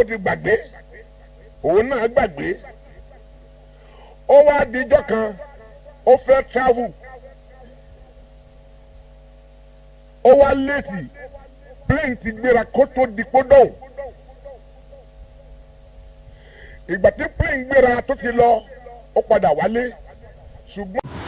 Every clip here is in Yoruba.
ó ti gbàgbé òun náà gbàgbé ó wá dijọ́ kan ó fẹ́ travel ó wá létí plane ti gbéra kó tó di kó dọ̀hùn ìgbà tí plane gbéra tó ti lọ ó padà wálé ṣùgbọ́n.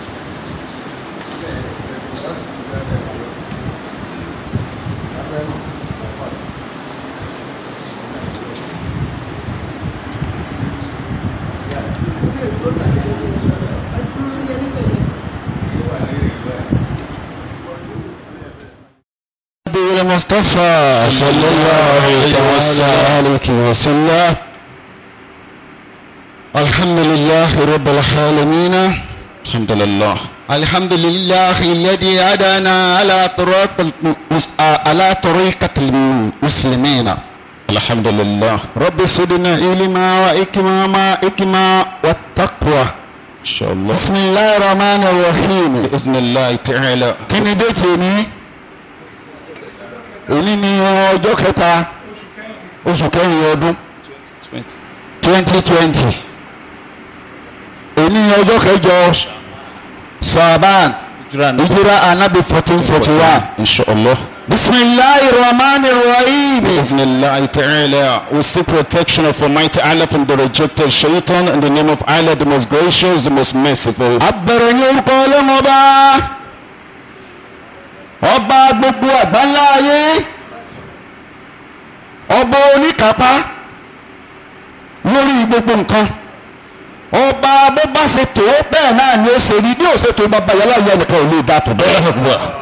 المصطفى صلى الله عليه وسلم الحمد لله رب العالمين الحمد لله الحمد لله الذي هدانا على طريق على طريقة المسلمين الحمد لله رب سدنا علما وإكماما إكما والتقوى إن شاء الله بسم الله الرحمن الرحيم بإذن الله تعالى كم èyí ni ọjọ́ kẹta oṣù kẹrin ọdún twenty twenty èyí ni ọjọ́ kẹjọ Saban, ìjírà anabi fourteen forty one. inshallah. bisimilahi rahman rahim. bisimilahi ta'ala we seek protection of Almighty Allah from the rejected shaitan in the name of Allah the most gracious the most merciful. abẹ̀rẹ̀ ní orúkọ ọba gbogbo àgbáńlá ayé ọba oníkápá lórí gbogbo nǹkan ọba bó bá ṣe tó bẹ́ẹ̀ náà ni ó ṣe rí bí ó ṣe tó bàbá yàrá ìyá nìkan ò lè dá tó bẹ́ẹ̀.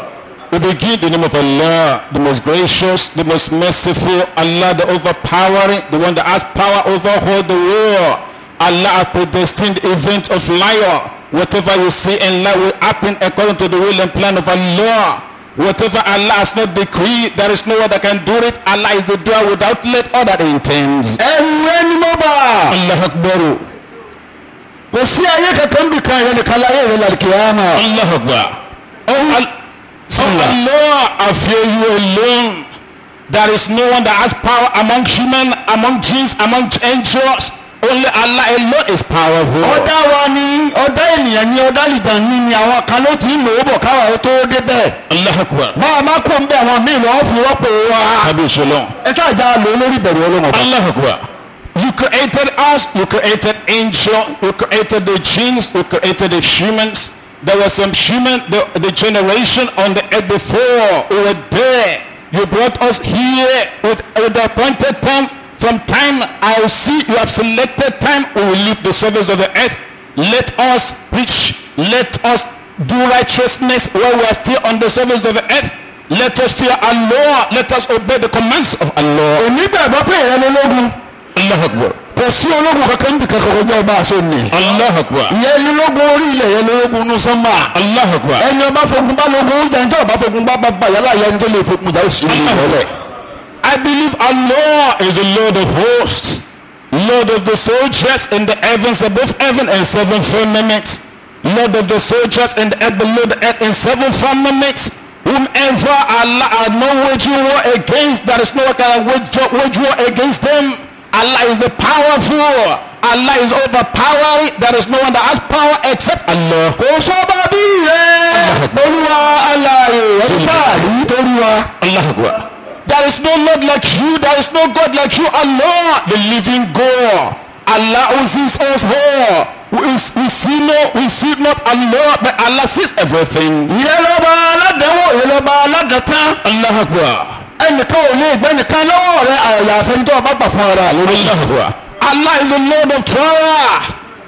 We begin the name of Allah, the most gracious, the most merciful, Allah the overpowering, the one that has power over all the world. Allah has predestined the event of liar. Whatever you see in life will happen according to the will and plan of Allah. Whatever Allah has not decreed, there is no one that can do it. Allah is the doer without let other than intends. Ẹ̀rù ẹni bá. Allahu Akbar. Kò sí ayé kankan bí kan yẹn nìkan láyé ìrẹ̀lẹ̀ àlùkìyàmà. Allah, Akbar. Allah àfihàn alone. There is no one that has power among human, among jinns, among angels only Allah alone is powerful. ọ̀dá wa ni ọ̀dá ènìyàn ni ọ̀dá ìjàn ni ni àwọn kan ló ti ń lò bọ̀ káwa ó tó débẹ̀. Allahu Akbar. máa má kó ń bẹ àwọn míì lọ́wọ́ fi wọ́pọ̀ wa. tàbí ìṣòlọ́. ẹ sáà já lò ó lórí ìbẹ̀rù ọlọ́run. Allahu You created us, you created angels. you created the genes, you created the humans. There was some human, the, the generation on the earth before, we were there. You brought us here with, with the appointed time. From time I will see you have selected time we will leave the service of the earth. Let us preach. Let us do righteousness while we are still on the service of the earth. Let us fear Allah. Let us obey the commands of Allah. Onígbàgbọ́ pé ìyẹn lológun. Allahu Akbar. Kò sí ológun kankan bí kankan kọjá ọba àṣọ ni. Akbar. Ìyẹn lológun orí ilẹ̀ yẹn lológun nù sánmà. Allahu Akbar. Ẹni ọba fogun bá lógun, jẹ́ ní tí ọba fogun bá bá bá yálà yẹn tó lè fogun jà ó sì ń lọ lẹ̀. I believe Allah is the Lord of hosts, Lord of the soldiers in the heavens above heaven and seven firmaments, Lord of the soldiers in the earth below the earth and seven firmaments. Whomever Allah has no wage war against, there is no kind of wage war against them. Allah is the powerful. Allah is overpowering. There is no one that has power except Allah. Kò there is no Lord like you. There is no God like you. Allah, the living God. Allah who sees us all. We, we see no, we see not Allah, but Allah sees everything. Allah Allah is the Lord of terror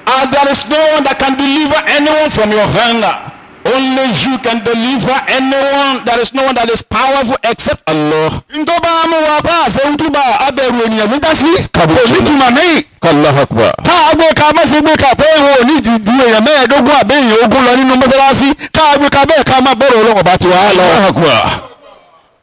and there is no one that can deliver anyone from your hunger. Only you can deliver anyone. There is no one that is powerful except Allah. Ntọ́ba amúwapá àṣewútúbà abẹ̀rù ènìyàn ló dá sí. Kàbùtù òní túmọ̀ mí. Allahu Akbar. Tá a ka má ṣe gbé ka pé ìwọ ò ní ju ju èèyàn mẹ́ẹ̀ẹ́dógún àbí èèyàn lọ nínú mọ́ṣáláṣí. Tá a gbé ka bẹ́ẹ̀ ká má bọ̀rọ̀ ọlọ́run bá ti wá lọ. Allahu Akbar.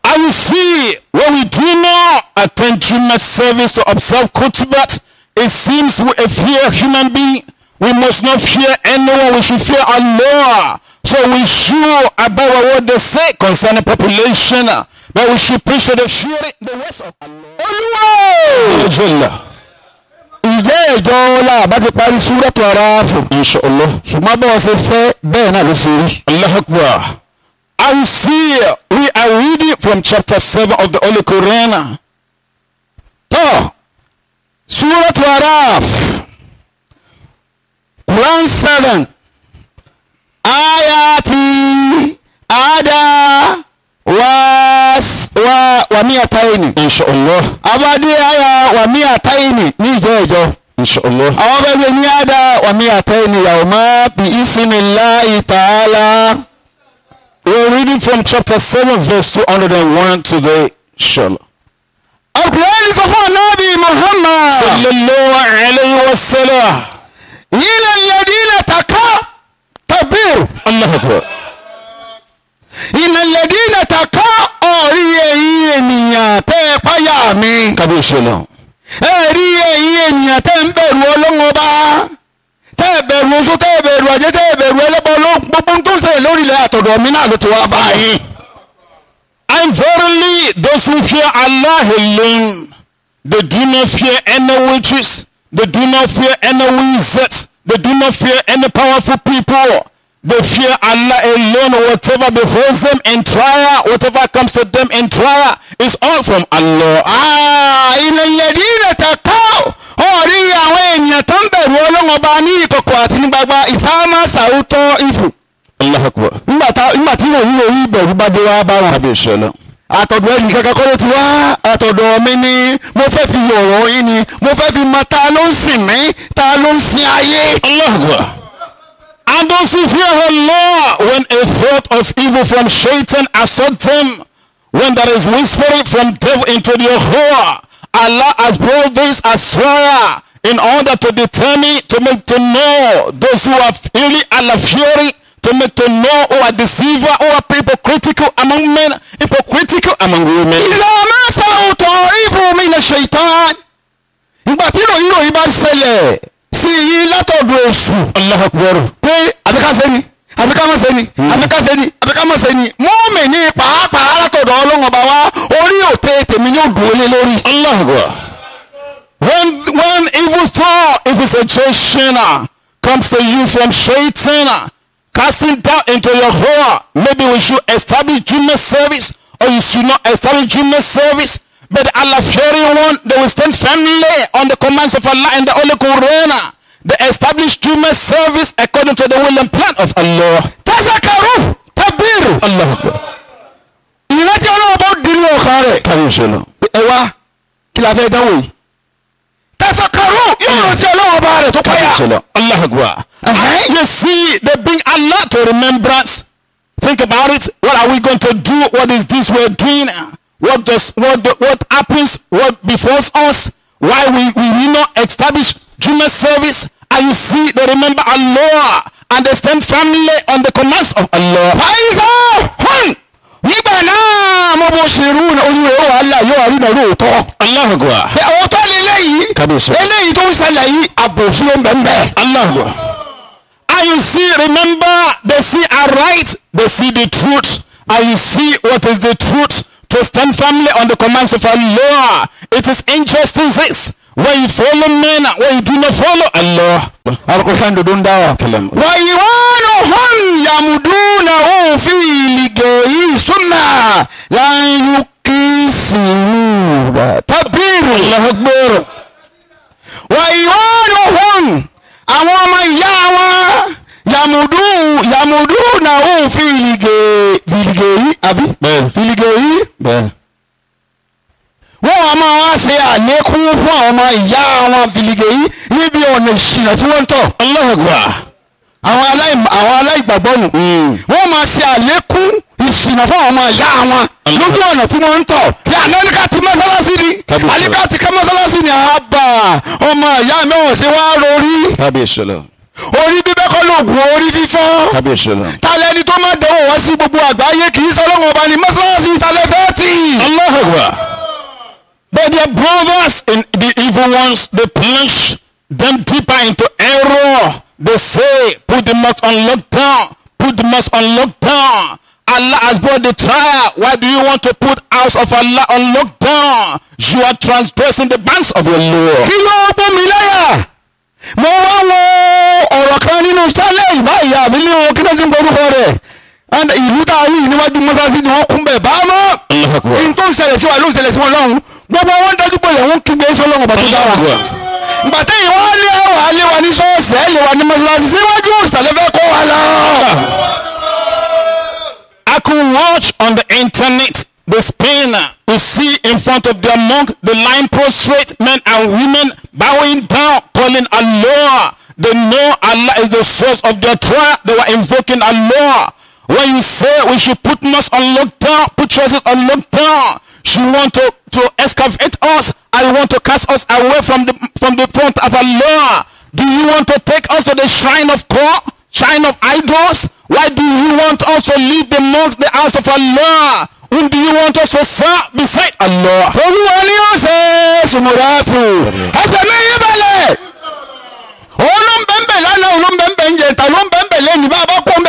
I see what we do not attend Juma service to observe khutbah. It seems we fear human being. We must not fear anyone. We should fear Allah. So we should about what they say concerning population, uh, but we should preach to the fury, the rest of Allah. Allahu And see, we are reading from chapter seven of the Holy Quran. Quran seven. ayati ada was wa wa miya taini. inshallah. abadi aya wa miya taini ní ìjọ ìjọ. inshallah. àwọn bẹ́ẹ̀ bẹ́ẹ̀ ní ada wa miya taini yawma bi isimilahi ta'ala. we are reading from chapter seven verse two hundred and one today. the inshallah. ọkùnrin fún anábì muhammad. sallallahu alayhi wa sallam. yìí lè yẹ di ilẹ̀ takọ́ tàbíù aláhàbọ̀ ìnàlẹ́dí nàtàkà ọ̀rí ẹ̀yìn ènìyàn tẹ́ ẹ páyà mi. kábíyèsí ọlọ́run. ẹ rí ẹ̀yìn ènìyàn tẹ́ ń bẹ̀rù ọlọ́run tẹ́ ẹ bẹ̀rù oṣù tẹ́ ẹ bẹ̀rù ajé tẹ́ ẹ bẹ̀rù ẹlẹ́bọ gbogbo ń sẹ̀yìn lórí ilẹ̀ àtọ̀dọ̀ mi náà ló ti wá báyìí. and verily those who fear Allah alone they do not fear any witches they do not fear any wizards They do not fear any powerful people. They fear Allah alone. Whatever befalls them in trial, whatever comes to them in trial, is all from Allah. Ah, ìlẹ̀lẹ̀dínlẹ̀ taqaw. Ọ̀rí àwọn èèyàn tó ń bẹ̀rù Ọlọ́run ọba ní ìkọ̀kọ̀ àti ní gbagba ìsámá sàwùtọ́ ìfù. Allahu Akbar. Nígbà tí ìròyìn yìí bẹ̀rù kankan kọ́ ló ti mi ni mo fẹ́ fi yọ̀rọ̀ yín ni ta ló ń sin ayé. Allah. And those who fear Allah, when a thought of evil from Satan assaults them, when there is whispering from devil into their heart, Allah has brought this as swear in order to determine, to make to know those who are really Allah fury, to make to know who are deceiver, who are hypocritical among men, hypocritical among women. Ìlà máa sọ̀rọ̀ tọ̀ ìfún mi ní ṣèitán. Ìgbà tí ìròyìn ìròyìn bá ń ṣẹlẹ̀ sí yín látọ̀dọ̀ èṣù. Allahu Akbar. pé àbíká sẹ́ni àbíká mọ̀ sẹ́ni hmm. àbíká sẹ́ni àbíká mọ̀ sẹ́ni mọ́ọ̀mì ní pàápàá látọ̀dọ̀ ọlọ́run ọba wa orí òtẹ tèmi yóò dùn lórí. Allahu Akbar. when when evil thought if it's a Christian comes to you from Satan casting down into your heart, maybe we should establish junior service or you should not establish junior service. But Allah fury, one, they will stand firmly on the commands of Allah and the Holy Quran. They establish human service according to the will and plan of Allah. Tazakaru, tabiru, Allah. Ìrántí ọlọ́wọ́ bá dínú ọkàn rẹ̀. Káyọ̀ ìṣẹ̀lẹ̀. Ẹ wá kí la fẹ́ dánwò yìí. Tazakaru yóò rántí Allah agba. You see, they bring Allah to remembrance. Think about it. What are we going to do? What is this we're doing? what does what do, what happens what befalls us why we we will not establish human service and you see they remember Allah understand they firmly on the commands of Allah. Faiza hun nígbà náà mo bó ṣe rú olúwe ó wàhálà yóò wá rí náà lóòótọ́. Allahu Akbar. àwọn tó lè to kábíyèsí. eléyìí tó ń ṣẹlẹ̀ yìí àbòsí ló ń bẹ̀ ń bẹ̀. Allahu Akbar. and you see remember they see aright they see the truth and you see what is the truth to stand firmly on the commands of Allah. It is interesting this. When you follow men, when you do not follow Allah. Al-Qur'an dundun dawa. Wa iwanuhum yamudunahu fi ligayi sunna la yukisiru tabiru. Allahu Akbar. Wa iwanuhum àwọn ọmọ ìyá wọn yamudu bẹ́ẹ̀ wọ́n wá máa wá ṣe àlékún fún àwọn ọmọ ìyá wọn fìlìgè yìí níbi ọ̀nà ìṣìnà tí wọ́n ń tọ̀. ọlọ́ọ̀gbà. àwọn aláìgbàgbọ́ nù. Hmm. wọ́n máa ṣe àlékún ìṣìnà fún àwọn ọmọ ìyá wọn lójú ọ̀nà tí wọ́n ń tọ̀. yà lẹ́nìkà ti mọ́sálásí ni àlíkà ti ká mọ́sálásí ni àbà ọmọ ìyá mi ò ṣe wá rorí. kábíyèsí orí bíbẹ́ kọ́ lóògùn orí fífọ́. kábíyèsí lọ. talẹ̀ ni tó máa dánwò wá sí gbogbo àgbáyé kì í sọ́lọ́run ọba ní mọ́sálásí talẹ̀ fẹ́ẹ́tì. Allahu Akbar. But their brothers in the evil ones they plunge them deeper into error. They say put the mosque on lockdown put the mosque on lockdown. Allah has brought the trial. Why do you want to put house of Allah on lockdown? You are transgressing the bounds of your Lord. kí ló ń bọ́ mi láyà mo wá wo ọ̀rọ̀ kan nínú sálẹ̀ ìbáyìí àbílẹ̀ o kí ló ti ń gbórúkọ rẹ̀ ìlú tá a yìí níwájú mọ́sáàsì ni wọ́n kún bẹ̀ bá mọ́ n tó ń ṣẹlẹ̀ sí wa ló ń ṣẹlẹ̀ sí wọn lọ́hùn gbogbo wọn dájú pé lẹ́wọ́n kígbe sọ́lọ́hùn bàtú dá wa gbàtẹ́ yìí wọ́n lé wa lé wa ní ṣọ́ọ̀ṣì ẹ̀ lé wa ní mọ́sáàsì síwájú ìsàlẹ̀ kó wa lọ. I can watch on the internet the spinner to see in front of their monk the lying prostrate men and women bowing down, calling Allah. They know Allah is the source of their trial. They were invoking Allah. When you say we should put us on lockdown, put choices on lockdown. She want to, to excavate us. I want to cast us away from the from the front of Allah. Do you want to take us to the shrine of God, shrine of idols? Why do you want us to leave the monks the house of Allah? Whom do you want us to fight? beside, Allah. Olúwa ni ó ṣe Sùmùràtù. Ẹ̀fẹ̀ mi yí balẹ̀. Òun ló ń bẹ̀m̀bẹ̀ lánàá, òun ló ń bẹ̀m̀bẹ̀ ń jẹta, ló ń bẹ̀m̀bẹ̀ lẹ́yìn bá a bá kó ń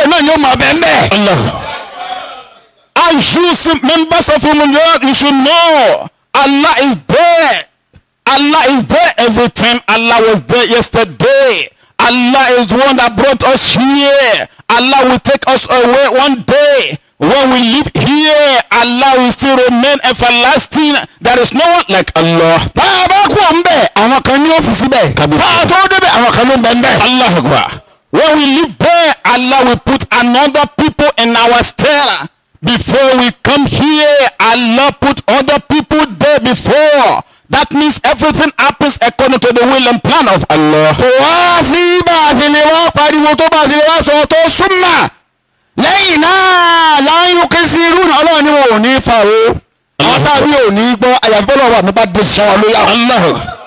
And you members of human world, you should know Allah is there. Allah is there every time. Allah was there yesterday. Allah is the one that brought us here. Allah will take us away one day. When we live here, Allah will still remain everlasting. There is no one like Allah. Bá a bá kú ọ̀n bẹ́ẹ̀, àwọn kan ní ọ́fíìsì bẹ́ẹ̀. Bá a tó débẹ̀, àwọn kan ló ń bẹ̀ ń bẹ̀. Allahu When we live there, Allah will put another people in our stead. Before we come here, Allah put other people there before. That means everything happens according to the will and plan of Allah. Kò wá sí bá a ti lè pariwo tó bá a ti lè wá tó súnmọ́ lẹ́yìn náà láyún kí sí irú náà ọlọ́run ni wọn ò ní fa o àwọn táwọn ò ní gbọ́ àyàfi bọ́lá wà ní bá dé sọ lóyà.